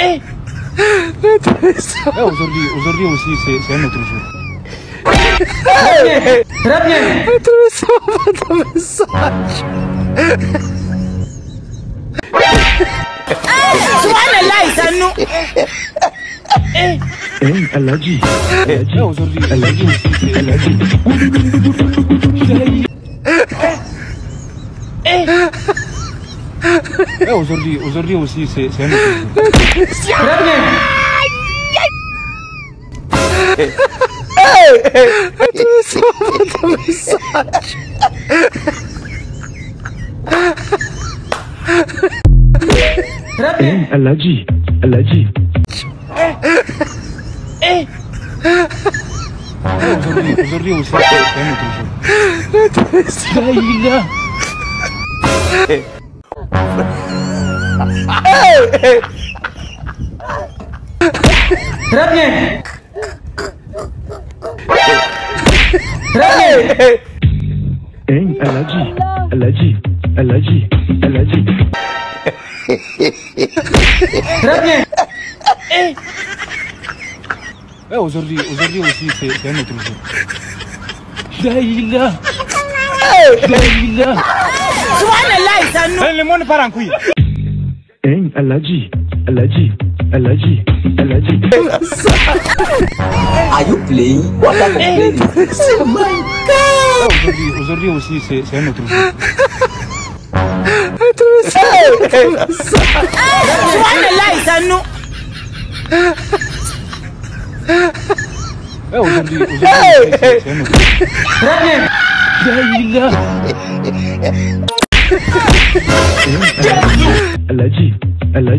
ايه لا تهزر اوزر لي اوزر لي وسي سي سي عمو ترجو ربيان تمسح مساج سبحان الله يسنو ايه الاجي الاجي اوزر لي الاجي وسي سي الاجي eh, aujourd'hui, aujourd'hui aussi, c'est un Elle l'a dit, elle l'a dit. Aujourd'hui aussi, c'est un autre jour. Drapie! Drapie! Hein, elle a dit, elle a dit, elle a dit, elle a dit. Drapie! Ouais, aujourd'hui, aujourd'hui aussi, c'est un autre jour. Daïla! Daïla! mọ́ni paranku yìí. ẹyin alaji alaji alaji alaji. are you playing what are you playing. oh my god. aujourd'hui aussi c'est c'est un autre jour. Subhanallah isanu. aujourd'hui, aujourd'hui, c'est un autre jour. Très bien. Allergy. Allergy.